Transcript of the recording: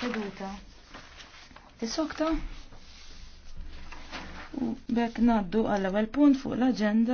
seduta is-sokta u bekk naddu għall-ewwel punt fuq l-aġenda